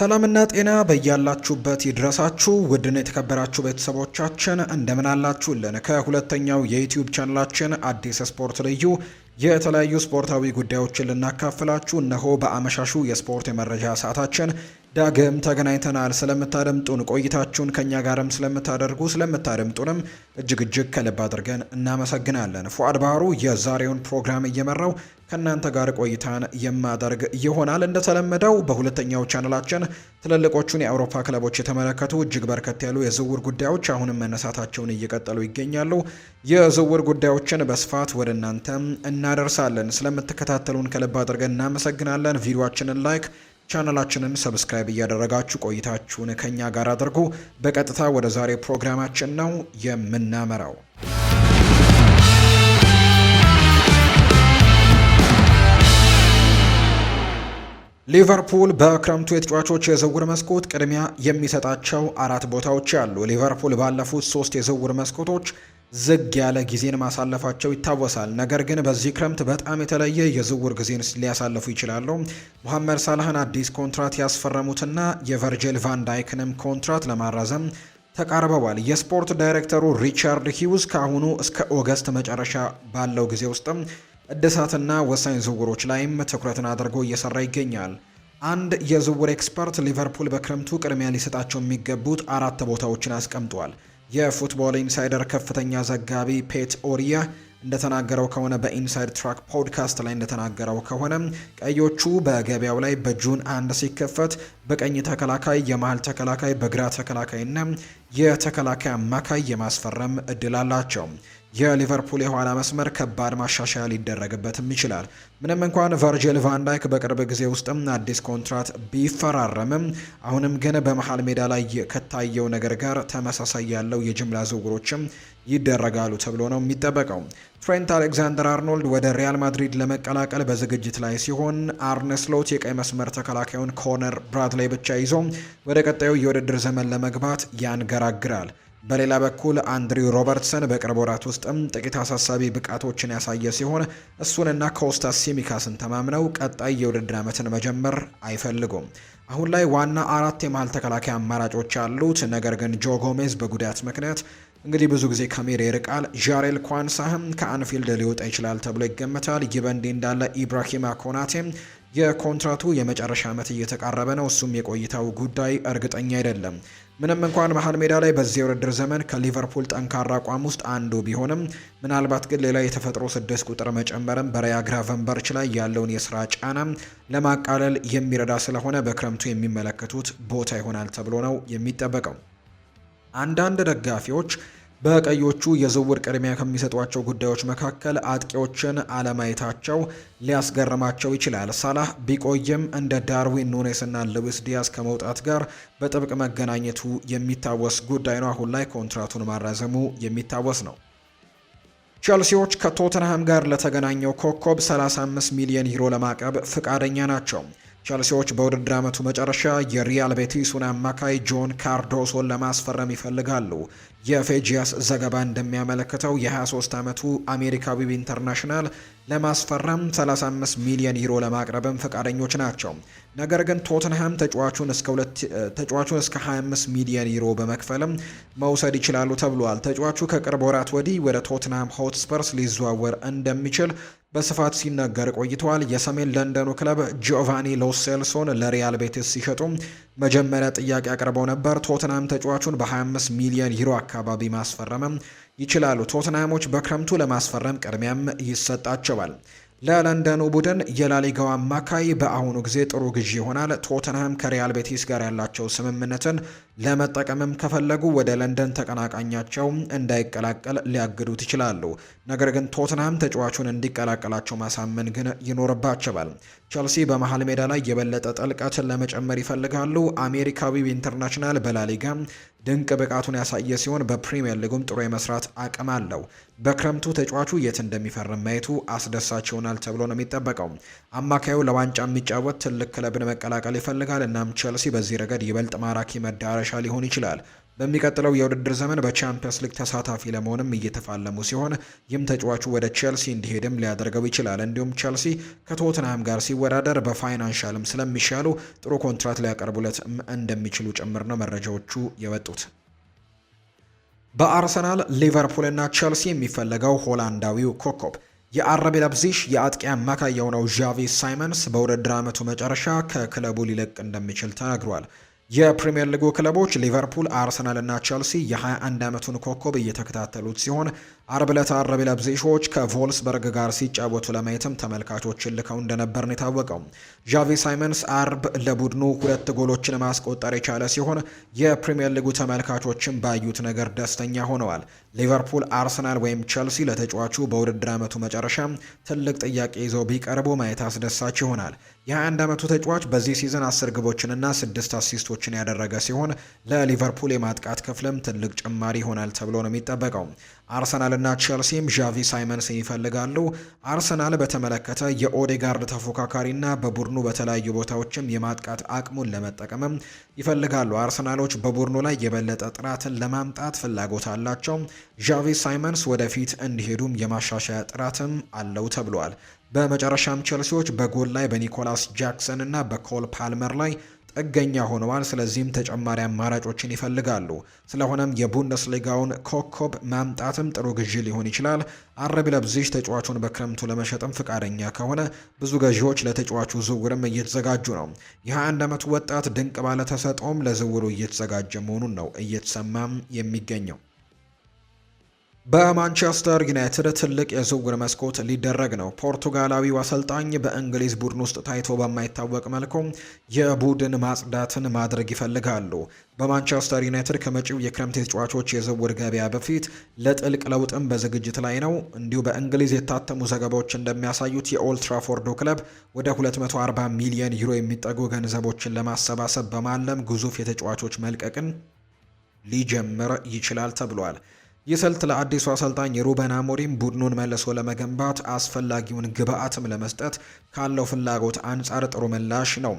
ሰላምና ጤና በያላችሁበት ይድረሳችሁ። ውድን የተከበራችሁ ቤተሰቦቻችን እንደምን አላችሁልን? ከሁለተኛው የዩትዩብ ቻናላችን አዲስ ስፖርት ልዩ የተለያዩ ስፖርታዊ ጉዳዮችን ልናካፍላችሁ እነሆ በአመሻሹ የስፖርት የመረጃ ሰዓታችን ዳግም ተገናኝተናል። ስለምታደምጡን ቆይታችሁን ከእኛ ጋርም ስለምታደርጉ ስለምታደምጡንም እጅግ እጅግ ከልብ አድርገን እናመሰግናለን። ፉአድ ባህሩ የዛሬውን ፕሮግራም እየመራው ከእናንተ ጋር ቆይታን የማደርግ ይሆናል። እንደተለመደው በሁለተኛው ቻነላችን ትልልቆቹን የአውሮፓ ክለቦች የተመለከቱ እጅግ በርከት ያሉ የዝውውር ጉዳዮች አሁንም መነሳታቸውን እየቀጠሉ ይገኛሉ። የዝውውር ጉዳዮችን በስፋት ወደ እናንተ እናደርሳለን። ስለምትከታተሉን ከልብ አድርገን እናመሰግናለን። ቪዲዮችንን ላይክ ቻናላችንን ሰብስክራይብ እያደረጋችሁ ቆይታችሁን ከኛ ጋር አድርጉ። በቀጥታ ወደ ዛሬ ፕሮግራማችን ነው የምናመራው። ሊቨርፑል በክረምቱ የተጫዋቾች የዝውውር መስኮት ቅድሚያ የሚሰጣቸው አራት ቦታዎች አሉ። ሊቨርፑል ባለፉት ሶስት የዝውውር መስኮቶች ዝግ ያለ ጊዜን ማሳለፋቸው ይታወሳል። ነገር ግን በዚህ ክረምት በጣም የተለየ የዝውውር ጊዜን ሊያሳልፉ ይችላሉ። መሐመድ ሳላህን አዲስ ኮንትራት ያስፈረሙትና የቨርጅል ቫንዳይክንም ኮንትራት ለማራዘም ተቃርበዋል። የስፖርት ዳይሬክተሩ ሪቻርድ ሂውዝ ከአሁኑ እስከ ኦገስት መጨረሻ ባለው ጊዜ ውስጥም እድሳትና ወሳኝ ዝውውሮች ላይም ትኩረትን አድርጎ እየሰራ ይገኛል። አንድ የዝውውር ኤክስፐርት ሊቨርፑል በክረምቱ ቅድሚያ ሊሰጣቸው የሚገቡት አራት ቦታዎችን አስቀምጧል። የፉትቦል ኢንሳይደር ከፍተኛ ዘጋቢ ፔት ኦሪያ እንደተናገረው ከሆነ በኢንሳይድ ትራክ ፖድካስት ላይ እንደተናገረው ከሆነ ቀዮቹ በገበያው ላይ በጁን አንድ ሲከፈት በቀኝ ተከላካይ፣ የመሀል ተከላካይ፣ በግራ ተከላካይና የተከላካይ አማካይ የማስፈረም እድል አላቸው። የሊቨርፑል የኋላ መስመር ከባድ ማሻሻያ ሊደረግበትም ይችላል። ምንም እንኳን ቨርጅል ቫንዳይክ በቅርብ ጊዜ ውስጥም አዲስ ኮንትራት ቢፈራረምም አሁንም ግን በመሀል ሜዳ ላይ ከታየው ነገር ጋር ተመሳሳይ ያለው የጅምላ ዝውውሮችም ይደረጋሉ ተብሎ ነው የሚጠበቀው። ትሬንት አሌክዛንደር አርኖልድ ወደ ሪያል ማድሪድ ለመቀላቀል በዝግጅት ላይ ሲሆን አርነስሎት የቀይ መስመር ተከላካዩን ኮነር ብራድላይ ብቻ ይዞ ወደ ቀጣዩ የውድድር ዘመን ለመግባት ያንገራግራል። በሌላ በኩል አንድሪው ሮበርትሰን በቅርብ ወራት ውስጥም ጥቂት አሳሳቢ ብቃቶችን ያሳየ ሲሆን እሱንና ኮስታስ ሲሚካስን ተማምነው ቀጣይ የውድድር ዓመትን መጀመር አይፈልጉም። አሁን ላይ ዋና አራት የመሃል ተከላካይ አማራጮች አሉት። ነገር ግን ጆ ጎሜዝ በጉዳት ምክንያት እንግዲህ ብዙ ጊዜ ከሜዳ ይርቃል። ዣሬል ኳንሳህም ከአንፊልድ ሊወጣ ይችላል ተብሎ ይገመታል። ይህ በእንዲህ እንዳለ ኢብራሂማ ኮናቴም የኮንትራቱ የመጨረሻ ዓመት እየተቃረበ ነው። እሱም የቆይታው ጉዳይ እርግጠኛ አይደለም። ምንም እንኳን መሀል ሜዳ ላይ በዚህ የውድድር ዘመን ከሊቨርፑል ጠንካራ አቋም ውስጥ አንዱ ቢሆንም ምናልባት ግን ሌላ የተፈጥሮ ስድስት ቁጥር መጨመርም በራያ ግራቨንበርች ላይ ያለውን የስራ ጫና ለማቃለል የሚረዳ ስለሆነ በክረምቱ የሚመለከቱት ቦታ ይሆናል ተብሎ ነው የሚጠበቀው። አንዳንድ ደጋፊዎች በቀዮቹ የዝውውር ቅድሚያ ከሚሰጧቸው ጉዳዮች መካከል አጥቂዎችን አለማየታቸው ሊያስገርማቸው ይችላል። ሳላህ ቢቆይም እንደ ዳርዊን ኑኔስና ልዊስ ዲያስ ከመውጣት ጋር በጥብቅ መገናኘቱ የሚታወስ ጉዳይ ነው። አሁን ላይ ኮንትራቱን ማራዘሙ የሚታወስ ነው። ቼልሲዎች ከቶተንሃም ጋር ለተገናኘው ኮከብ 35 ሚሊዮን ዩሮ ለማቅረብ ፍቃደኛ ናቸው። ቸልሲዎች በውድድር ዓመቱ መጨረሻ የሪያል ቤቲሱን አማካይ ጆን ካርዶሶን ለማስፈረም ይፈልጋሉ። የፌጂያስ ዘገባ እንደሚያመለክተው የ23 ዓመቱ አሜሪካዊው ኢንተርናሽናል ለማስፈረም 35 ሚሊዮን ዩሮ ለማቅረብም ፈቃደኞች ናቸው። ነገር ግን ቶትንሃም ተጫዋቹን እስከ 25 ሚሊዮን ዩሮ በመክፈልም መውሰድ ይችላሉ ተብሏል። ተጫዋቹ ከቅርብ ወራት ወዲህ ወደ ቶትንሃም ሆትስፐርስ ሊዘዋወር እንደሚችል በስፋት ሲነገር ቆይተዋል። የሰሜን ለንደኑ ክለብ ጂኦቫኒ ሎሴልሶን ለሪያል ቤቲስ ሲሸጡ መጀመሪያ ጥያቄ አቅርበው ነበር። ቶትናም ተጫዋቹን በ25 ሚሊዮን ዩሮ አካባቢ ማስፈረምም ይችላሉ። ቶትናሞች በክረምቱ ለማስፈረም ቅድሚያም ይሰጣቸዋል። ለለንደኑ ቡድን የላሊጋው አማካይ በአሁኑ ጊዜ ጥሩ ግዢ ይሆናል። ቶተንሃም ከሪያል ቤቲስ ጋር ያላቸው ስምምነትን ለመጠቀምም ከፈለጉ ወደ ለንደን ተቀናቃኛቸው እንዳይቀላቀል ሊያግዱት ይችላሉ። ነገር ግን ቶትናም ተጫዋቹን እንዲቀላቀላቸው ማሳመን ግን ይኖርባቸዋል። ቸልሲ በመሃል ሜዳ ላይ የበለጠ ጥልቀትን ለመጨመር ይፈልጋሉ። አሜሪካዊው ኢንተርናሽናል በላሊጋ ድንቅ ብቃቱን ያሳየ ሲሆን በፕሪምየር ሊጉም ጥሩ የመስራት አቅም አለው። በክረምቱ ተጫዋቹ የት እንደሚፈርም ማየቱ አስደሳች ይሆናል ተብሎ ነው የሚጠበቀው። አማካዩ ለዋንጫ የሚጫወት ትልቅ ክለብን መቀላቀል ይፈልጋል። እናም ቸልሲ በዚህ ረገድ ይበልጥ ማራኪ መዳረሻ መዳረሻ ሊሆን ይችላል። በሚቀጥለው የውድድር ዘመን በቻምፒየንስ ሊግ ተሳታፊ ለመሆንም እየተፋለሙ ሲሆን ይህም ተጫዋቹ ወደ ቼልሲ እንዲሄድም ሊያደርገው ይችላል። እንዲሁም ቼልሲ ከቶትንሃም ጋር ሲወዳደር በፋይናንሻልም ስለሚሻሉ ጥሩ ኮንትራት ሊያቀርቡለት እንደሚችሉ ጭምር ነው መረጃዎቹ የወጡት። በአርሰናል ሊቨርፑልና ቼልሲ የሚፈለገው ሆላንዳዊው ኮከብ የአረቤ ለብዚሽ የአጥቂ አማካይ የሆነው ዣቪ ሳይመንስ በውድድር ዓመቱ መጨረሻ ከክለቡ ሊለቅ እንደሚችል ተናግሯል። የፕሪምየር ሊጉ ክለቦች ሊቨርፑል፣ አርሰናል እና ቸልሲ የ21 ዓመቱን ኮከብ እየተከታተሉት ሲሆን አርብ ዕለት ለብዜሾች ከቮልስበርግ ጋር ሲጫወቱ ለማየትም ተመልካቾችን ልከው እንደነበር ነው የታወቀው። ዣቪ ሳይመንስ አርብ ለቡድኑ ሁለት ጎሎችን ማስቆጠር የቻለ ሲሆን የፕሪምየር ሊጉ ተመልካቾችን ባዩት ነገር ደስተኛ ሆነዋል። ሊቨርፑል፣ አርሰናል ወይም ቸልሲ ለተጫዋቹ በውድድር ዓመቱ መጨረሻ ትልቅ ጥያቄ ይዘው ቢቀርቡ ማየት አስደሳች ይሆናል። የ21 ዓመቱ ተጫዋች በዚህ ሲዝን አስር ግቦችንና ስድስት አሲስቶችን ያደረገ ሲሆን ለሊቨርፑል የማጥቃት ክፍልም ትልቅ ጭማሪ ይሆናል ተብሎ ነው የሚጠበቀው። አርሰናልና ቼልሲም ዣቪ ሳይመንስን ይፈልጋሉ። አርሰናል በተመለከተ የኦዴጋርድ ተፎካካሪና በቡድኑ በተለያዩ ቦታዎችም የማጥቃት አቅሙን ለመጠቀምም ይፈልጋሉ። አርሰናሎች በቡድኑ ላይ የበለጠ ጥራትን ለማምጣት ፍላጎት አላቸው። ዣቪ ሳይመንስ ወደፊት እንዲሄዱም የማሻሻያ ጥራትም አለው ተብሏል። በመጨረሻም ቼልሲዎች በጎል ላይ በኒኮላስ ጃክሰን እና በኮል ፓልመር ላይ ጥገኛ ሆነዋል። ስለዚህም ተጨማሪ አማራጮችን ይፈልጋሉ። ስለሆነም የቡንደስሊጋውን ኮከብ ማምጣትም ጥሩ ግዢ ሊሆን ይችላል። አረቢ ለብዚሽ ተጫዋቹን በክረምቱ ለመሸጥም ፈቃደኛ ከሆነ ብዙ ገዢዎች ለተጫዋቹ ዝውውርም እየተዘጋጁ ነው። የ21 ዓመቱ ወጣት ድንቅ ባለተሰጥኦም ለዝውሩ እየተዘጋጀ መሆኑን ነው እየተሰማም የሚገኘው። በማንቸስተር ዩናይትድ ትልቅ የዝውውር መስኮት ሊደረግ ነው። ፖርቱጋላዊው አሰልጣኝ በእንግሊዝ ቡድን ውስጥ ታይቶ በማይታወቅ መልኩ የቡድን ማጽዳትን ማድረግ ይፈልጋሉ። በማንቸስተር ዩናይትድ ከመጪው የክረምት ተጫዋቾች የዝውውር ገበያ በፊት ለጥልቅ ለውጥም በዝግጅት ላይ ነው። እንዲሁ በእንግሊዝ የታተሙ ዘገባዎች እንደሚያሳዩት የኦልትራፎርዶ ክለብ ወደ 240 ሚሊዮን ዩሮ የሚጠጉ ገንዘቦችን ለማሰባሰብ በማለም ግዙፍ የተጫዋቾች መልቀቅን ሊጀምር ይችላል ተብሏል። ስልት ለአዲሱ አሰልጣኝ ሩበን አሞሪም ቡድኑን መልሶ ለመገንባት አስፈላጊውን ግብአትም ለመስጠት ካለው ፍላጎት አንጻር ጥሩ ምላሽ ነው።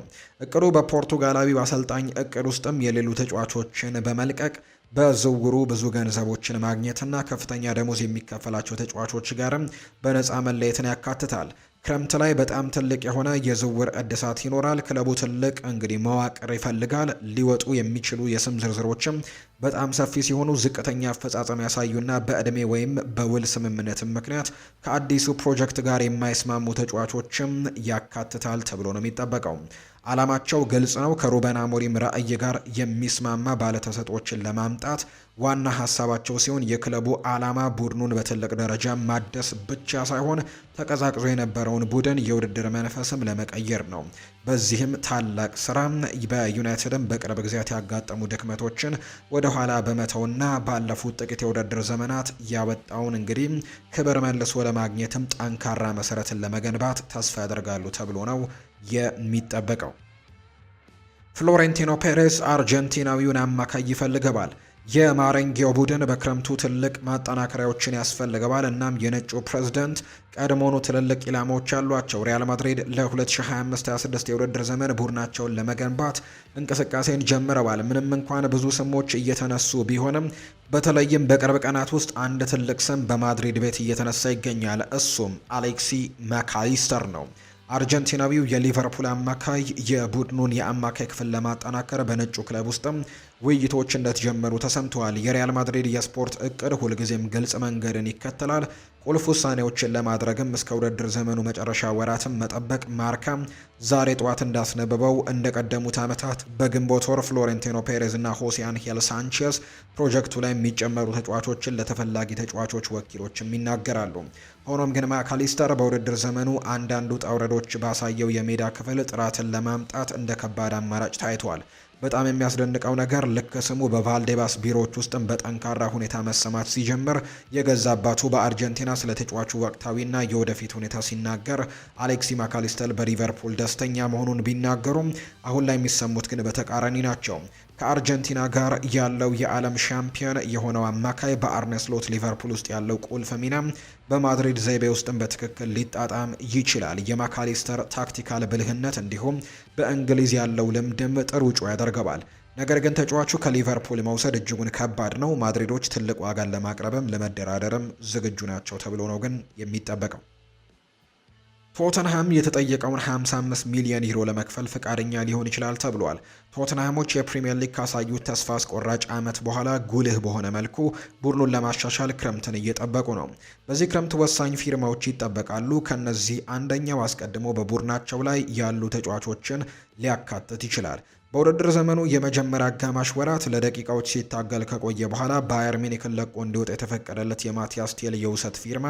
እቅዱ በፖርቱጋላዊ አሰልጣኝ እቅድ ውስጥም የሌሉ ተጫዋቾችን በመልቀቅ በዝውውሩ ብዙ ገንዘቦችን ማግኘትና ከፍተኛ ደሞዝ የሚከፈላቸው ተጫዋቾች ጋርም በነፃ መለየትን ያካትታል። ክረምት ላይ በጣም ትልቅ የሆነ የዝውውር እድሳት ይኖራል። ክለቡ ትልቅ እንግዲህ መዋቅር ይፈልጋል። ሊወጡ የሚችሉ የስም ዝርዝሮችም በጣም ሰፊ ሲሆኑ ዝቅተኛ አፈጻጸም ያሳዩና በእድሜ ወይም በውል ስምምነትም ምክንያት ከአዲሱ ፕሮጀክት ጋር የማይስማሙ ተጫዋቾችም ያካትታል ተብሎ ነው የሚጠበቀው። አላማቸው ግልጽ ነው። ከሩበን አሞሪም ራዕይ ጋር የሚስማማ ባለተሰጦችን ለማምጣት ዋና ሀሳባቸው ሲሆን የክለቡ ዓላማ ቡድኑን በትልቅ ደረጃ ማደስ ብቻ ሳይሆን ተቀዛቅዞ የነበረውን ቡድን የውድድር መንፈስም ለመቀየር ነው። በዚህም ታላቅ ስራ በዩናይትድም በቅርብ ጊዜያት ያጋጠሙ ድክመቶችን ወደኋላ በመተውና ባለፉት ጥቂት የውድድር ዘመናት ያወጣውን እንግዲህ ክብር መልሶ ለማግኘትም ጠንካራ መሰረትን ለመገንባት ተስፋ ያደርጋሉ ተብሎ ነው የሚጠበቀው። ፍሎሬንቲኖ ፔሬስ አርጀንቲናዊውን አማካይ ይፈልገዋል። የማረንጌው ቡድን በክረምቱ ትልቅ ማጠናከሪያዎችን ያስፈልገዋል። እናም የነጩ ፕሬዝደንት ቀድሞኑ ትልልቅ ኢላማዎች አሏቸው። ሪያል ማድሪድ ለ2025/26 የውድድር ዘመን ቡድናቸውን ለመገንባት እንቅስቃሴን ጀምረዋል። ምንም እንኳን ብዙ ስሞች እየተነሱ ቢሆንም በተለይም በቅርብ ቀናት ውስጥ አንድ ትልቅ ስም በማድሪድ ቤት እየተነሳ ይገኛል። እሱም አሌክሲ መካሊስተር ነው። አርጀንቲናዊው የሊቨርፑል አማካይ የቡድኑን የአማካይ ክፍል ለማጠናከር በነጩ ክለብ ውስጥም ውይይቶች እንደተጀመሩ ተሰምተዋል። የሪያል ማድሪድ የስፖርት እቅድ ሁልጊዜም ግልጽ መንገድን ይከተላል። ቁልፍ ውሳኔዎችን ለማድረግም እስከ ውድድር ዘመኑ መጨረሻ ወራትም መጠበቅ ማርካም ዛሬ ጠዋት እንዳስነበበው እንደቀደሙት ዓመታት በግንቦት ወር ፍሎሬንቲኖ ፔሬዝ እና ሆሴ አንሄል ሳንቼዝ ፕሮጀክቱ ላይ የሚጨመሩ ተጫዋቾችን ለተፈላጊ ተጫዋቾች ወኪሎችም ይናገራሉ። ሆኖም ግን ማካሊስተር በውድድር ዘመኑ አንዳንድ ውጣ ውረዶች ባሳየው የሜዳ ክፍል ጥራትን ለማምጣት እንደ ከባድ አማራጭ ታይቷል። በጣም የሚያስደንቀው ነገር ልክ ስሙ በቫልዴባስ ቢሮዎች ውስጥም በጠንካራ ሁኔታ መሰማት ሲጀምር የገዛ አባቱ በአርጀንቲና ስለ ተጫዋቹ ወቅታዊና የወደፊት ሁኔታ ሲናገር አሌክሲ ማካሊስተል በሊቨርፑል ደስተኛ መሆኑን ቢናገሩም አሁን ላይ የሚሰሙት ግን በተቃራኒ ናቸው። ከአርጀንቲና ጋር ያለው የዓለም ሻምፒዮን የሆነው አማካይ በአርነስሎት ሊቨርፑል ውስጥ ያለው ቁልፍ ሚና በማድሪድ ዘይቤ ውስጥም በትክክል ሊጣጣም ይችላል። የማካሊስተር ታክቲካል ብልህነት እንዲሁም በእንግሊዝ ያለው ልምድም ጥሩ ጩ ያደርገዋል። ነገር ግን ተጫዋቹ ከሊቨርፑል መውሰድ እጅጉን ከባድ ነው። ማድሪዶች ትልቅ ዋጋን ለማቅረብም ለመደራደርም ዝግጁ ናቸው ተብሎ ነው ግን የሚጠበቀው። ቶተንሃም የተጠየቀውን 55 ሚሊዮን ዩሮ ለመክፈል ፈቃደኛ ሊሆን ይችላል ተብሏል። ቶተንሃሞች የፕሪምየር ሊግ ካሳዩት ተስፋ አስቆራጭ ዓመት በኋላ ጉልህ በሆነ መልኩ ቡድኑን ለማሻሻል ክረምትን እየጠበቁ ነው። በዚህ ክረምት ወሳኝ ፊርማዎች ይጠበቃሉ። ከነዚህ አንደኛው አስቀድሞ በቡድናቸው ላይ ያሉ ተጫዋቾችን ሊያካትት ይችላል። በውድድር ዘመኑ የመጀመሪያ አጋማሽ ወራት ለደቂቃዎች ሲታገል ከቆየ በኋላ ባየር ሚኒክን ለቆ እንዲወጣ የተፈቀደለት የማቲያስ ቴል የውሰት ፊርማ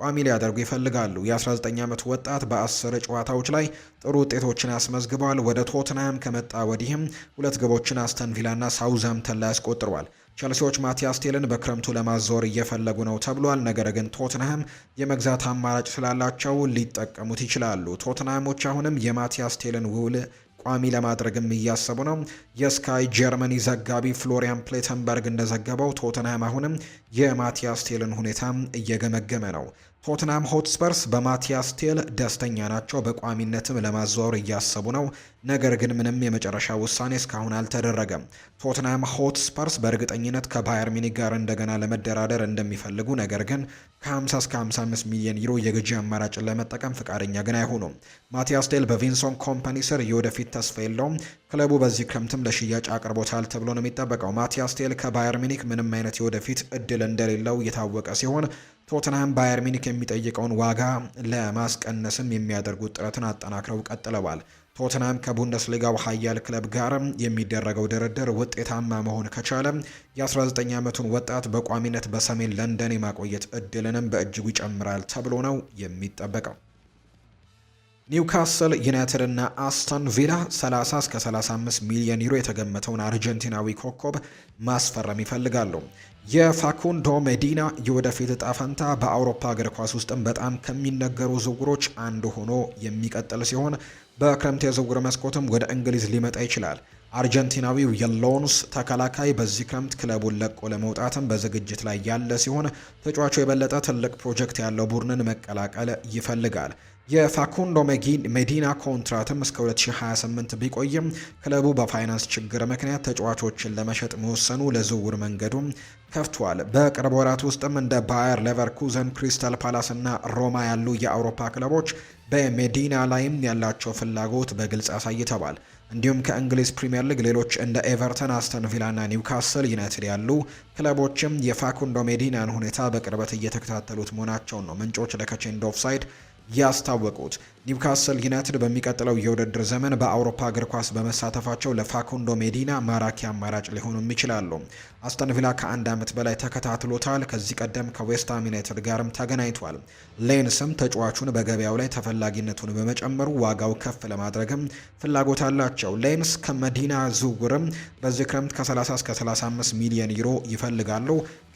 ቋሚ ሊያደርጉ ይፈልጋሉ። የ19 ዓመቱ ወጣት በአስር ጨዋታዎች ላይ ጥሩ ውጤቶችን አስመዝግቧል። ወደ ቶትናም ከመጣ ወዲህም ሁለት ግቦችን አስተን ቪላና ሳውዛምተን ላይ አስቆጥሯል። ቸልሲዎች ማቲያስ ቴልን በክረምቱ ለማዛወር እየፈለጉ ነው ተብሏል። ነገር ግን ቶትንሃም የመግዛት አማራጭ ስላላቸው ሊጠቀሙት ይችላሉ። ቶትንሃሞች አሁንም የማቲያስ ቴልን ውል ቋሚ ለማድረግም እያሰቡ ነው። የስካይ ጀርመኒ ዘጋቢ ፍሎሪያን ፕሌተንበርግ እንደዘገበው ቶተንሃም አሁንም የማቲያስ ቴልን ሁኔታ እየገመገመ ነው። ቶትናም ሆትስፐርስ በማቲያስ ቴል ደስተኛ ናቸው። በቋሚነትም ለማዘዋወር እያሰቡ ነው። ነገር ግን ምንም የመጨረሻ ውሳኔ እስካሁን አልተደረገም። ቶትናም ሆትስፐርስ በእርግጠኝነት ከባየር ሚኒክ ጋር እንደገና ለመደራደር እንደሚፈልጉ፣ ነገር ግን ከ50 እስከ 55 ሚሊዮን ዩሮ የግዢ አማራጭን ለመጠቀም ፈቃደኛ ግን አይሆኑም። ማቲያስ ቴል በቪንሶን ኮምፓኒ ስር የወደፊት ተስፋ የለውም። ክለቡ በዚህ ክረምትም ለሽያጭ አቅርቦታል ተብሎ ነው የሚጠበቀው። ማቲያስ ቴል ከባየር ሚኒክ ምንም አይነት የወደፊት እድል እንደሌለው እየታወቀ ሲሆን ቶትናም ባየር ሚኒክ የሚጠይቀውን ዋጋ ለማስቀነስም የሚያደርጉት ጥረትን አጠናክረው ቀጥለዋል። ቶትንሃም ከቡንደስሊጋው ኃያል ክለብ ጋር የሚደረገው ድርድር ውጤታማ መሆን ከቻለ የ19 ዓመቱን ወጣት በቋሚነት በሰሜን ለንደን የማቆየት እድልንም በእጅጉ ይጨምራል ተብሎ ነው የሚጠበቀው። ኒውካስል ዩናይትድ እና አስተን ቪላ 30 እስከ 35 ሚሊዮን ዩሮ የተገመተውን አርጀንቲናዊ ኮከብ ማስፈረም ይፈልጋሉ። የፋኩንዶ ሜዲና የወደፊት እጣ ፈንታ በአውሮፓ እግር ኳስ ውስጥም በጣም ከሚነገሩ ዝውውሮች አንዱ ሆኖ የሚቀጥል ሲሆን በክረምት የዝውውር መስኮትም ወደ እንግሊዝ ሊመጣ ይችላል። አርጀንቲናዊው የሎንስ ተከላካይ በዚህ ክረምት ክለቡን ለቆ ለመውጣትም በዝግጅት ላይ ያለ ሲሆን ተጫዋቹ የበለጠ ትልቅ ፕሮጀክት ያለው ቡድንን መቀላቀል ይፈልጋል። የፋኩንዶ ሜዲና ኮንትራትም እስከ 2028 ቢቆይም ክለቡ በፋይናንስ ችግር ምክንያት ተጫዋቾችን ለመሸጥ መወሰኑ ለዝውውር መንገዱም ከፍቷል። በቅርብ ወራት ውስጥም እንደ ባየር ሌቨርኩዘን፣ ክሪስታል ፓላስ እና ሮማ ያሉ የአውሮፓ ክለቦች በሜዲና ላይም ያላቸው ፍላጎት በግልጽ አሳይተዋል። እንዲሁም ከእንግሊዝ ፕሪምየር ሊግ ሌሎች እንደ ኤቨርተን፣ አስተን ና ኒውካስል ዩናይትድ ያሉ ክለቦችም የፋኩንዶ ሜዲናን ሁኔታ በቅርበት እየተከታተሉት መሆናቸውን ነው ምንጮች ለከቼንዶ ኦፍሳይድ ያስታወቁት። ኒውካስል ዩናይትድ በሚቀጥለው የውድድር ዘመን በአውሮፓ እግር ኳስ በመሳተፋቸው ለፋኩንዶ ሜዲና ማራኪ አማራጭ ሊሆኑም ይችላሉ። አስተን ቪላ ከአንድ ዓመት በላይ ተከታትሎታል። ከዚህ ቀደም ከዌስትሃም ዩናይትድ ጋርም ተገናኝቷል። ሌንስም ተጫዋቹን በገበያው ላይ ተፈላጊነቱን በመጨመሩ ዋጋው ከፍ ለማድረግም ፍላጎት አላቸው። ሌንስ ከመዲና ዝውውርም በዚህ ክረምት ከ30 እስከ 35 ሚሊዮን ዩሮ ይፈልጋሉ።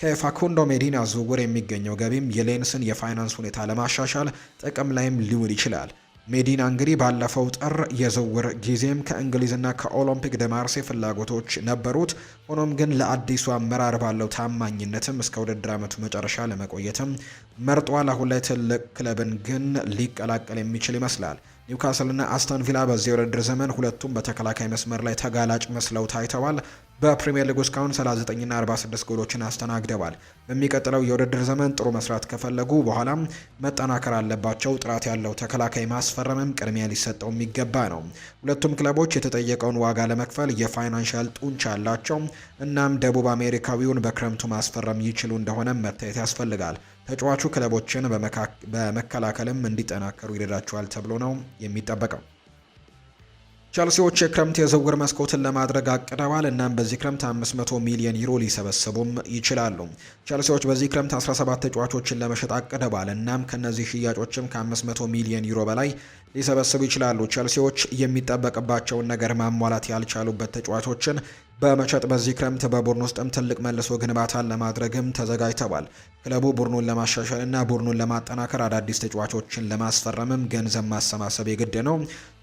ከፋኩንዶ ሜዲና ዝውውር የሚገኘው ገቢም የሌንስን የፋይናንስ ሁኔታ ለማሻሻል ጥቅም ላይም ሊውል ይችላል። ሜዲና እንግዲህ ባለፈው ጥር የዝውውር ጊዜም ከእንግሊዝና ከኦሎምፒክ ደ ማርሴ ፍላጎቶች ነበሩት። ሆኖም ግን ለአዲሱ አመራር ባለው ታማኝነትም እስከ ውድድር ዓመቱ መጨረሻ ለመቆየትም መርጧል። አሁን ላይ ትልቅ ክለብን ግን ሊቀላቀል የሚችል ይመስላል። ኒውካስልና አስተን ቪላ በዚህ የውድድር ዘመን ሁለቱም በተከላካይ መስመር ላይ ተጋላጭ መስለው ታይተዋል። በፕሪምየር ሊጉ እስካሁን 39ና 46 ጎሎችን አስተናግደዋል። በሚቀጥለው የውድድር ዘመን ጥሩ መስራት ከፈለጉ በኋላም መጠናከር አለባቸው። ጥራት ያለው ተከላካይ ማስፈረምም ቅድሚያ ሊሰጠው የሚገባ ነው። ሁለቱም ክለቦች የተጠየቀውን ዋጋ ለመክፈል የፋይናንሻል ጡንቻ አላቸው። እናም ደቡብ አሜሪካዊውን በክረምቱ ማስፈረም ይችሉ እንደሆነ መታየት ያስፈልጋል። ተጫዋቹ ክለቦችን በመከላከልም እንዲጠናከሩ ይረዳቸዋል ተብሎ ነው የሚጠበቀው። ቸልሲዎች የክረምት የዝውውር መስኮትን ለማድረግ አቅደዋል። እናም በዚህ ክረምት 500 ሚሊዮን ዩሮ ሊሰበስቡም ይችላሉ። ቸልሲዎች በዚህ ክረምት 17 ተጫዋቾችን ለመሸጥ አቅደዋል። እናም ከነዚህ ሽያጮችም ከ500 ሚሊዮን ዩሮ በላይ ሊሰበስቡ ይችላሉ። ቸልሲዎች የሚጠበቅባቸውን ነገር ማሟላት ያልቻሉበት ተጫዋቾችን በመሸጥ በዚህ ክረምት በቡድን ውስጥም ትልቅ መልሶ ግንባታን ለማድረግም ተዘጋጅተዋል። ክለቡ ቡድኑን ለማሻሻል እና ቡድኑን ለማጠናከር አዳዲስ ተጫዋቾችን ለማስፈረምም ገንዘብ ማሰባሰብ የግድ ነው።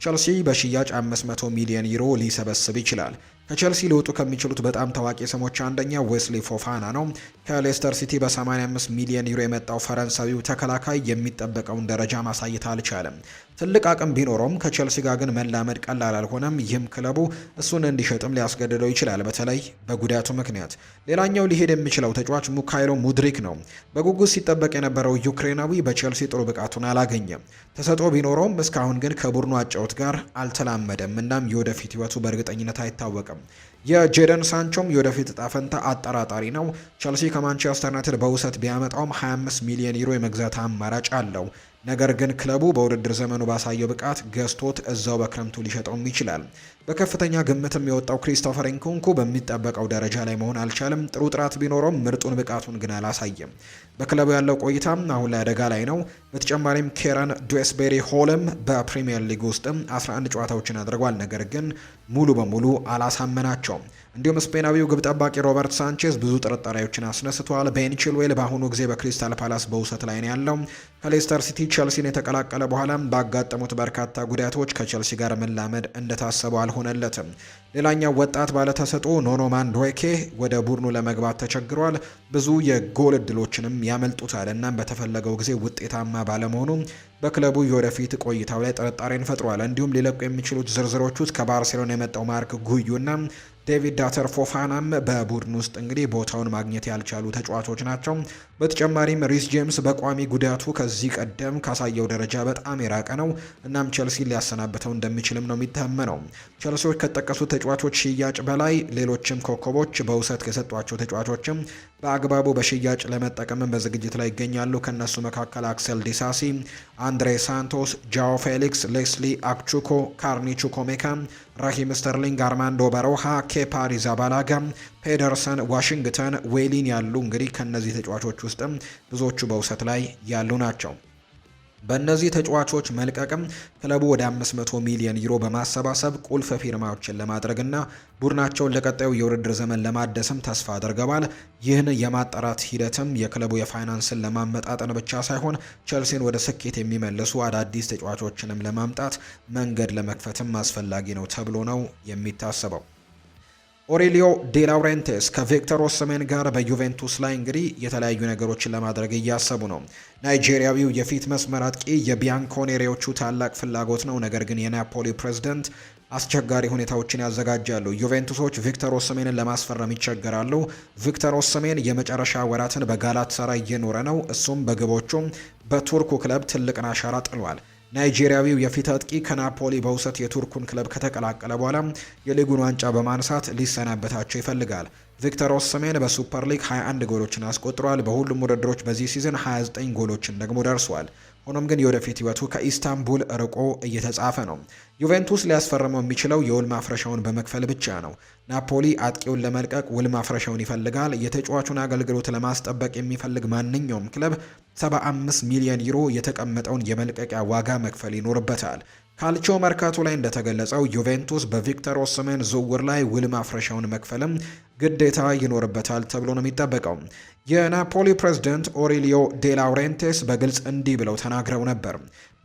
ቸልሲ በሽያጭ 500 ሚሊዮን ዩሮ ሊሰበስብ ይችላል። ከቸልሲ ሊወጡ ከሚችሉት በጣም ታዋቂ ስሞች አንደኛ ዌስሊ ፎፋና ነው። ከሌስተር ሲቲ በ85 ሚሊዮን ዩሮ የመጣው ፈረንሳዊው ተከላካይ የሚጠበቀውን ደረጃ ማሳየት አልቻለም። ትልቅ አቅም ቢኖረውም ከቼልሲ ጋር ግን መላመድ ቀላል አልሆነም። ይህም ክለቡ እሱን እንዲሸጥም ሊያስገድደው ይችላል፣ በተለይ በጉዳቱ ምክንያት። ሌላኛው ሊሄድ የሚችለው ተጫዋች ሙካይሎ ሙድሪክ ነው። በጉጉት ሲጠበቅ የነበረው ዩክሬናዊ በቼልሲ ጥሩ ብቃቱን አላገኘም። ተሰጥኦ ቢኖረውም እስካሁን ግን ከቡድኑ አጫወት ጋር አልተላመደም። እናም የወደፊት ህይወቱ በእርግጠኝነት አይታወቅም። የጄደን ሳንቾም የወደፊት እጣ ፈንታ አጠራጣሪ ነው። ቸልሲ ከማንቸስተር ዩናይትድ በውሰት ቢያመጣውም 25 ሚሊዮን ዩሮ የመግዛት አማራጭ አለው። ነገር ግን ክለቡ በውድድር ዘመኑ ባሳየው ብቃት ገዝቶት እዛው በክረምቱ ሊሸጠውም ይችላል። በከፍተኛ ግምትም የወጣው ክሪስቶፈር ኢንኩንኩ በሚጠበቀው ደረጃ ላይ መሆን አልቻለም። ጥሩ ጥራት ቢኖረውም ምርጡን ብቃቱን ግን አላሳየም። በክለቡ ያለው ቆይታም አሁን ላይ አደጋ ላይ ነው። በተጨማሪም ኬረን ዱስቤሪ ሆልም በፕሪምየር ሊግ ውስጥም 11 ጨዋታዎችን አድርጓል። ነገር ግን ሙሉ በሙሉ አላሳመናቸውም። እንዲሁም ስፔናዊው ግብ ጠባቂ ሮበርት ሳንቼዝ ብዙ ጥርጣሬዎችን አስነስቷል። ቤን በአሁኑ ጊዜ በክሪስታል ፓላስ በውሰት ላይ ነው ያለው። ከሌስተር ሲቲ ቸልሲን የተቀላቀለ በኋላም ባጋጠሙት በርካታ ጉዳቶች ከቸልሲ ጋር መላመድ እንደታሰበው አልሆነለትም። ሌላኛው ወጣት ባለተሰጦ ኖኖ ማንድዌኬ ወደ ቡድኑ ለመግባት ተቸግሯል። ብዙ የጎል እድሎችንም ያመልጡታል። እናም በተፈለገው ጊዜ ውጤታማ ባለመሆኑ በክለቡ የወደፊት ቆይታው ላይ ጥርጣሬን ፈጥሯል። እንዲሁም ሊለቁ የሚችሉት ዝርዝሮች ውስጥ ከባርሴሎና የመጣው ማርክ ጉዩና ዴቪድ ዳተር ፎፋናም በቡድን ውስጥ እንግዲህ ቦታውን ማግኘት ያልቻሉ ተጫዋቾች ናቸው። በተጨማሪም ሪስ ጄምስ በቋሚ ጉዳቱ ከዚህ ቀደም ካሳየው ደረጃ በጣም የራቀ ነው። እናም ቸልሲ ሊያሰናብተው እንደሚችልም ነው የሚታመነው። ቸልሲዎች ከጠቀሱት ተጫዋቾች ሽያጭ በላይ ሌሎችም ኮከቦች በውሰት የሰጧቸው ተጫዋቾችም በአግባቡ በሽያጭ ለመጠቀምም በዝግጅት ላይ ይገኛሉ። ከእነሱ መካከል አክሰል ዲሳሲ፣ አንድሬ ሳንቶስ፣ ጃኦ ፌሊክስ፣ ሌስሊ አክቹኮ፣ ካርኒቹ ኮሜካ ራሂም ስተርሊንግ፣ አርማንዶ በሮሃ፣ ኬፓ አሪዛባላጋ፣ ፔደርሰን፣ ዋሽንግተን፣ ዌሊን ያሉ እንግዲህ ከእነዚህ ተጫዋቾች ውስጥም ብዙዎቹ በውሰት ላይ ያሉ ናቸው። በእነዚህ ተጫዋቾች መልቀቅም ክለቡ ወደ 500 ሚሊዮን ዩሮ በማሰባሰብ ቁልፍ ፊርማዎችን ለማድረግና ቡድናቸውን ለቀጣዩ የውድድር ዘመን ለማደስም ተስፋ አድርገዋል። ይህን የማጣራት ሂደትም የክለቡ የፋይናንስን ለማመጣጠን ብቻ ሳይሆን ቸልሲን ወደ ስኬት የሚመልሱ አዳዲስ ተጫዋቾችንም ለማምጣት መንገድ ለመክፈትም አስፈላጊ ነው ተብሎ ነው የሚታሰበው። ኦሬሊዮ ዴላውሬንቴስ ከቪክተር ኦስሜን ጋር በዩቬንቱስ ላይ እንግዲህ የተለያዩ ነገሮችን ለማድረግ እያሰቡ ነው። ናይጄሪያዊው የፊት መስመር አጥቂ የቢያንኮኔሬዎቹ ታላቅ ፍላጎት ነው። ነገር ግን የናፖሊ ፕሬዝደንት አስቸጋሪ ሁኔታዎችን ያዘጋጃሉ። ዩቬንቱሶች ቪክተር ኦስሜንን ለማስፈረም ይቸገራሉ። ቪክተር ኦስሜን የመጨረሻ ወራትን በጋላት ሰራ እየኖረ ነው። እሱም በግቦቹም በቱርኩ ክለብ ትልቅን አሻራ ጥሏል። ናይጄሪያዊው የፊት አጥቂ ከናፖሊ በውሰት የቱርኩን ክለብ ከተቀላቀለ በኋላ የሊጉን ዋንጫ በማንሳት ሊሰናበታቸው ይፈልጋል። ቪክተር ኦስሜን በሱፐር ሊግ 21 ጎሎችን አስቆጥሯል። በሁሉም ውድድሮች በዚህ ሲዝን 29 ጎሎችን ደግሞ ደርሷል። ሆኖም ግን የወደፊት ሕይወቱ ከኢስታንቡል ርቆ እየተጻፈ ነው። ዩቬንቱስ ሊያስፈርመው የሚችለው የውል ማፍረሻውን በመክፈል ብቻ ነው። ናፖሊ አጥቂውን ለመልቀቅ ውል ማፍረሻውን ይፈልጋል። የተጫዋቹን አገልግሎት ለማስጠበቅ የሚፈልግ ማንኛውም ክለብ 75 ሚሊዮን ዩሮ የተቀመጠውን የመልቀቂያ ዋጋ መክፈል ይኖርበታል። ካልቾ መርካቶ ላይ እንደተገለጸው ዩቬንቱስ በቪክተር ኦስሜን ዝውውር ላይ ውል ማፍረሻውን መክፈልም ግዴታ ይኖርበታል ተብሎ ነው የሚጠበቀው። የናፖሊ ፕሬዝደንት ኦሪሊዮ ዴላውሬንቴስ በግልጽ እንዲህ ብለው ተናግረው ነበር።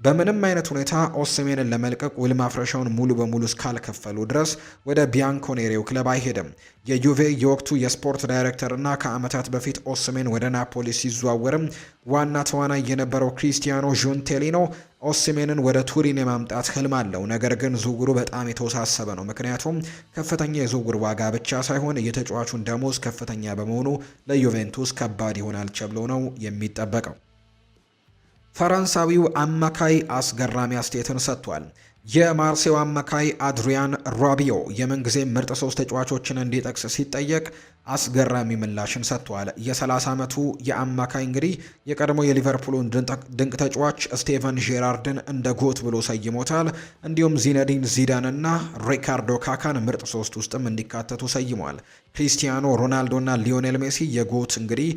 በምንም አይነት ሁኔታ ኦስሜንን ለመልቀቅ ውል ማፍረሻውን ሙሉ በሙሉ እስካልከፈሉ ድረስ ወደ ቢያንኮኔሬው ክለብ አይሄድም። የዩቬ የወቅቱ የስፖርት ዳይሬክተርና ከዓመታት በፊት ኦስሜን ወደ ናፖሊ ሲዘዋወርም ዋና ተዋናይ የነበረው ክሪስቲያኖ ነው ኦስሜንን ወደ ቱሪን የማምጣት ህልም አለው። ነገር ግን ዝውውሩ በጣም የተወሳሰበ ነው። ምክንያቱም ከፍተኛ የዝውውር ዋጋ ብቻ ሳይሆን የተጫዋቹን ደሞዝ ከፍተኛ በመሆኑ ለዩቬንቱስ ከባድ ይሆናል ተብሎ ነው የሚጠበቀው። ፈረንሳዊው አማካይ አስገራሚ አስተያየትን ሰጥቷል። የማርሴው አማካይ አድሪያን ራቢዮ የምንጊዜ ምርጥ ሶስት ተጫዋቾችን እንዲጠቅስ ሲጠየቅ አስገራሚ ምላሽን ሰጥቷል። የ30 ዓመቱ የአማካይ እንግዲህ የቀድሞ የሊቨርፑሉን ድንቅ ተጫዋች ስቴቨን ጄራርድን እንደ ጎት ብሎ ሰይሞታል። እንዲሁም ዚነዲን ዚዳንና ሪካርዶ ካካን ምርጥ ሶስት ውስጥም እንዲካተቱ ሰይሟል። ክሪስቲያኖ ሮናልዶና ሊዮኔል ሜሲ የጎት እንግዲህ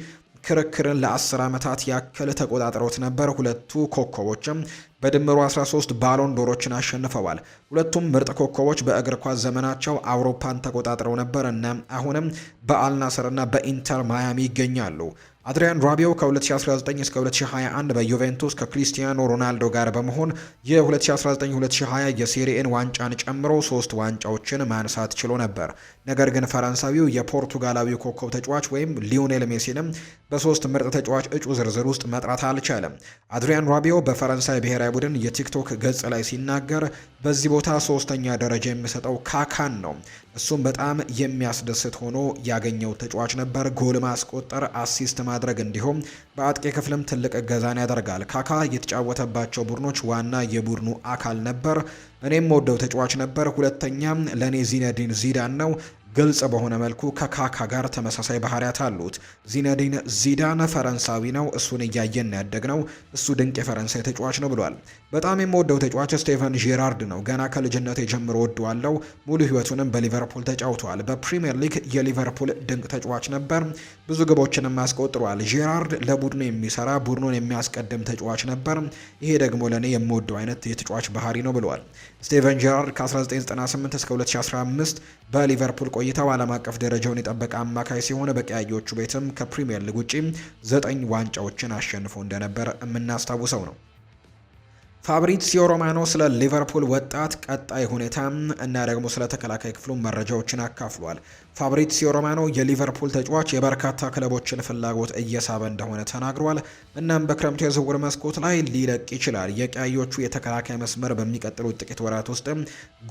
ክርክርን ለአስር ዓመታት ያክል ተቆጣጥሮት ነበር። ሁለቱ ኮከቦችም በድምሩ 13 ባሎን ዶሮችን አሸንፈዋል። ሁለቱም ምርጥ ኮከቦች በእግር ኳስ ዘመናቸው አውሮፓን ተቆጣጥረው ነበር እና አሁንም በአልናስርና በኢንተር ማያሚ ይገኛሉ። አድሪያን ራቢዮ ከ2019 እስከ 2021 በዩቬንቱስ ከክሪስቲያኖ ሮናልዶ ጋር በመሆን የ2019-2020 የሴሪኤን ዋንጫን ጨምሮ ሶስት ዋንጫዎችን ማንሳት ችሎ ነበር። ነገር ግን ፈረንሳዊው የፖርቱጋላዊ ኮከብ ተጫዋች ወይም ሊዮኔል ሜሲንም በሶስት ምርጥ ተጫዋች እጩ ዝርዝር ውስጥ መጥራት አልቻለም። አድሪያን ራቢዮ በፈረንሳይ ብሔራዊ ቡድን የቲክቶክ ገጽ ላይ ሲናገር በዚህ ቦታ ሶስተኛ ደረጃ የሚሰጠው ካካን ነው እሱም በጣም የሚያስደስት ሆኖ ያገኘው ተጫዋች ነበር። ጎል ማስቆጠር፣ አሲስት ማድረግ እንዲሁም በአጥቂ ክፍልም ትልቅ እገዛን ያደርጋል። ካካ የተጫወተባቸው ቡድኖች ዋና የቡድኑ አካል ነበር። እኔም ወደው ተጫዋች ነበር። ሁለተኛም ለእኔ ዚነዲን ዚዳን ነው። ግልጽ በሆነ መልኩ ከካካ ጋር ተመሳሳይ ባህሪያት አሉት። ዚነዲን ዚዳን ፈረንሳዊ ነው። እሱን እያየን ያደግ ነው። እሱ ድንቅ የፈረንሳይ ተጫዋች ነው ብሏል። በጣም የምወደው ተጫዋች ስቴቨን ጄራርድ ነው። ገና ከልጅነት የጀምሮ ወደዋለው። ሙሉ ህይወቱንም በሊቨርፑል ተጫውተዋል። በፕሪምየር ሊግ የሊቨርፑል ድንቅ ተጫዋች ነበር። ብዙ ግቦችንም አስቆጥሯል። ጄራርድ ለቡድኑ የሚሰራ ቡድኑን የሚያስቀድም ተጫዋች ነበር። ይሄ ደግሞ ለእኔ የምወደው አይነት የተጫዋች ባህሪ ነው ብለዋል። ስቴቨን ጄራርድ ከ1998 እስከ 2015 በሊቨርፑል ቆይታው ዓለም አቀፍ ደረጃውን የጠበቀ አማካይ ሲሆን በቀያዮቹ ቤትም ከፕሪምየር ሊግ ውጪ ዘጠኝ ዋንጫዎችን አሸንፎ እንደነበር የምናስታውሰው ነው። ፋብሪዚዮ ሮማኖ ስለ ሊቨርፑል ወጣት ቀጣይ ሁኔታ እና ደግሞ ስለ ተከላካይ ክፍሉ መረጃዎችን አካፍሏል። ፋብሪዚዮ ሮማኖ የሊቨርፑል ተጫዋች የበርካታ ክለቦችን ፍላጎት እየሳበ እንደሆነ ተናግሯል። እናም በክረምቱ የዝውውር መስኮት ላይ ሊለቅ ይችላል። የቀያዮቹ የተከላካይ መስመር በሚቀጥሉት ጥቂት ወራት ውስጥም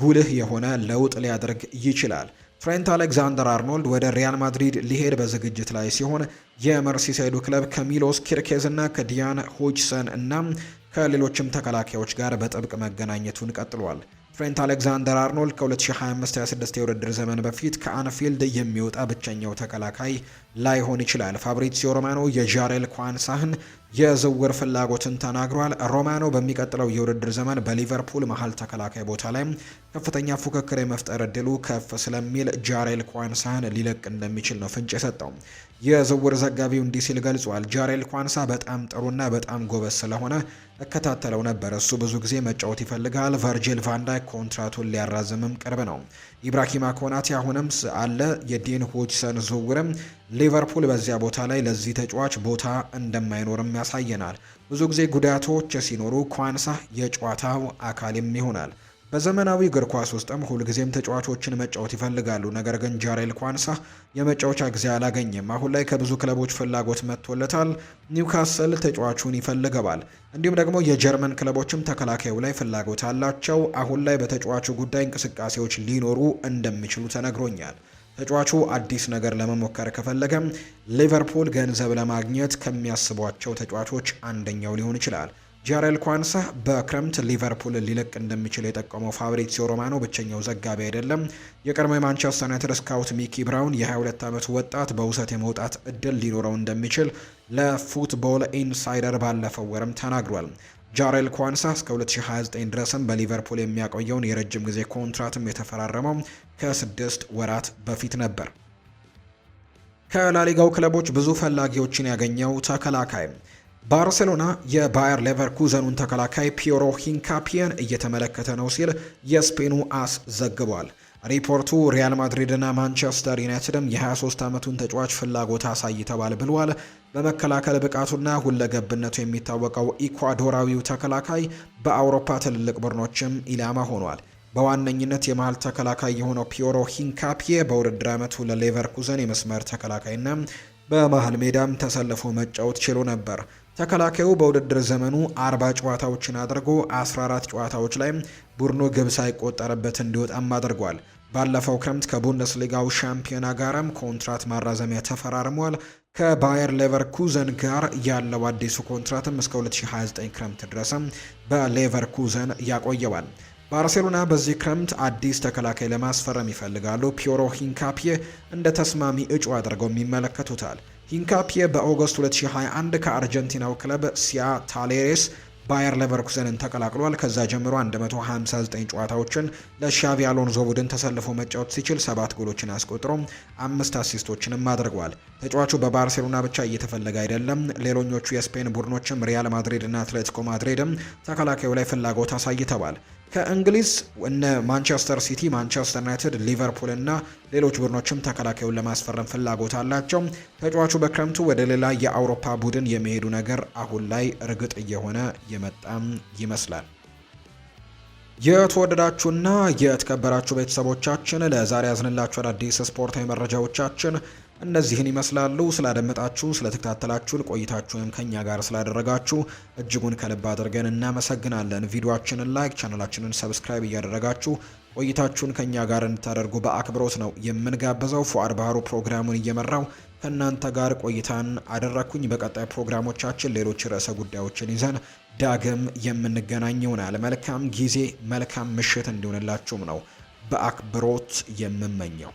ጉልህ የሆነ ለውጥ ሊያደርግ ይችላል። ትሬንት አሌክዛንደር አርኖልድ ወደ ሪያል ማድሪድ ሊሄድ በዝግጅት ላይ ሲሆን የመርሲሳይዱ ክለብ ከሚሎስ ኪርኬዝ እና ከዲያን ሆችሰን እና ከሌሎችም ተከላካዮች ጋር በጥብቅ መገናኘቱን ቀጥሏል። ትሬንት አሌክዛንደር አርኖልድ ከ2025/26 የውድድር ዘመን በፊት ከአንፊልድ የሚወጣ ብቸኛው ተከላካይ ላይሆን ይችላል። ፋብሪሲዮ ሮማኖ የዣሬል ኳንሳህን የዝውውር ፍላጎትን ተናግሯል። ሮማኖ በሚቀጥለው የውድድር ዘመን በሊቨርፑል መሀል ተከላካይ ቦታ ላይ ከፍተኛ ፉክክር የመፍጠር እድሉ ከፍ ስለሚል ጃሬል ኳንሳህን ሊለቅ እንደሚችል ነው ፍንጭ የሰጠው። የዝውውር ዘጋቢው እንዲህ ሲል ገልጿል። ጃሬል ኳንሳ በጣም ጥሩና በጣም ጎበዝ ስለሆነ እከታተለው ነበር። እሱ ብዙ ጊዜ መጫወት ይፈልጋል። ቨርጂል ቫንዳይክ ኮንትራቱን ሊያራዝምም ቅርብ ነው። ኢብራሂማ ኮናቴ አሁንም አለ። የዲን ሆጅሰን ዝውውርም ሊቨርፑል በዚያ ቦታ ላይ ለዚህ ተጫዋች ቦታ እንደማይኖርም ያሳየናል። ብዙ ጊዜ ጉዳቶች ሲኖሩ ኳንሳ የጨዋታው አካልም ይሆናል። በዘመናዊ እግር ኳስ ውስጥም ሁልጊዜም ተጫዋቾችን መጫወት ይፈልጋሉ። ነገር ግን ጃሬል ኳንሳ የመጫወቻ ጊዜ አላገኘም። አሁን ላይ ከብዙ ክለቦች ፍላጎት መጥቶለታል። ኒውካስል ተጫዋቹን ይፈልገዋል። እንዲሁም ደግሞ የጀርመን ክለቦችም ተከላካዩ ላይ ፍላጎት አላቸው። አሁን ላይ በተጫዋቹ ጉዳይ እንቅስቃሴዎች ሊኖሩ እንደሚችሉ ተነግሮኛል። ተጫዋቹ አዲስ ነገር ለመሞከር ከፈለገም ሊቨርፑል ገንዘብ ለማግኘት ከሚያስቧቸው ተጫዋቾች አንደኛው ሊሆን ይችላል። ጃሬል ኳንሳ በክረምት ሊቨርፑል ሊለቅ እንደሚችል የጠቀመው ፋብሪዚዮ ሮማኖ ብቸኛው ዘጋቢ አይደለም። የቀድሞ የማንቸስተር ዩናይትድ ስካውት ሚኪ ብራውን የ22 ዓመት ወጣት በውሰት የመውጣት እድል ሊኖረው እንደሚችል ለፉትቦል ኢንሳይደር ባለፈው ወርም ተናግሯል። ጃሬል ኳንሳ እስከ 2029 ድረስም በሊቨርፑል የሚያቆየውን የረጅም ጊዜ ኮንትራትም የተፈራረመው ከስድስት ወራት በፊት ነበር። ከላሊጋው ክለቦች ብዙ ፈላጊዎችን ያገኘው ተከላካይ ባርሴሎና የባየር ሌቨርኩዘኑን ተከላካይ ፒሮ ሂንካፒየን እየተመለከተ ነው ሲል የስፔኑ አስ ዘግቧል። ሪፖርቱ ሪያል ማድሪድና ማንቸስተር ዩናይትድም የ23 ዓመቱን ተጫዋች ፍላጎት አሳይተዋል ብሏል። በመከላከል ብቃቱና ሁለገብነቱ የሚታወቀው ኢኳዶራዊው ተከላካይ በአውሮፓ ትልልቅ ቡድኖችም ኢላማ ሆኗል። በዋነኝነት የመሀል ተከላካይ የሆነው ፒዮሮ ሂንካፒየ በውድድር ዓመቱ ለሌቨርኩዘን የመስመር ተከላካይና በመሃል ሜዳም ተሰልፎ መጫወት ችሎ ነበር። ተከላካዩ በውድድር ዘመኑ አርባ ጨዋታዎችን አድርጎ 14 ጨዋታዎች ላይ ቡድኑ ግብ ሳይቆጠርበት እንዲወጣም አድርጓል። ባለፈው ክረምት ከቡንደስሊጋው ሻምፒዮና ጋርም ኮንትራት ማራዘሚያ ተፈራርሟል። ከባየር ሌቨርኩዘን ጋር ያለው አዲሱ ኮንትራትም እስከ 2029 ክረምት ድረስም በሌቨርኩዘን ያቆየዋል። ባርሴሎና በዚህ ክረምት አዲስ ተከላካይ ለማስፈረም ይፈልጋሉ። ፒዮሮ ሂንካፒዬ እንደ ተስማሚ እጩ አድርገው ይመለከቱታል። ሂንካፒየ በኦገስት 2021 ከአርጀንቲናው ክለብ ሲያ ታሌሬስ ባየር ሌቨርኩዘንን ተቀላቅሏል። ከዛ ጀምሮ 159 ጨዋታዎችን ለሻቪ አሎንዞ ቡድን ተሰልፎ መጫወት ሲችል ሰባት ጎሎችን አስቆጥሮ አምስት አሲስቶችንም አድርጓል። ተጫዋቹ በባርሴሎና ብቻ እየተፈለገ አይደለም። ሌሎኞቹ የስፔን ቡድኖችም ሪያል ማድሪድ እና አትሌቲኮ ማድሪድም ተከላካዩ ላይ ፍላጎት አሳይተዋል። ከእንግሊዝ እነ ማንቸስተር ሲቲ፣ ማንቸስተር ዩናይትድ፣ ሊቨርፑል እና ሌሎች ቡድኖችም ተከላካዩን ለማስፈረም ፍላጎት አላቸው። ተጫዋቹ በክረምቱ ወደ ሌላ የአውሮፓ ቡድን የመሄዱ ነገር አሁን ላይ እርግጥ እየሆነ የመጣም ይመስላል። የተወደዳችሁና የተከበራችሁ ቤተሰቦቻችን ለዛሬ ያዝንላችሁ አዳዲስ ስፖርታዊ መረጃዎቻችን እነዚህን ይመስላሉ። ስላደመጣችሁ፣ ስለተከታተላችሁን ቆይታችሁንም ከኛ ጋር ስላደረጋችሁ እጅጉን ከልብ አድርገን እናመሰግናለን። ቪዲዮአችንን ላይክ፣ ቻናላችንን ሰብስክራይብ እያደረጋችሁ ቆይታችሁን ከኛ ጋር እንድታደርጉ በአክብሮት ነው የምንጋብዘው። ፉአድ ባህሩ ፕሮግራሙን እየመራው ከእናንተ ጋር ቆይታን አደረኩኝ። በቀጣይ ፕሮግራሞቻችን ሌሎች ርዕሰ ጉዳዮችን ይዘን ዳግም የምንገናኝ ይሆናል። መልካም ጊዜ፣ መልካም ምሽት እንዲሆንላችሁም ነው በአክብሮት የምመኘው።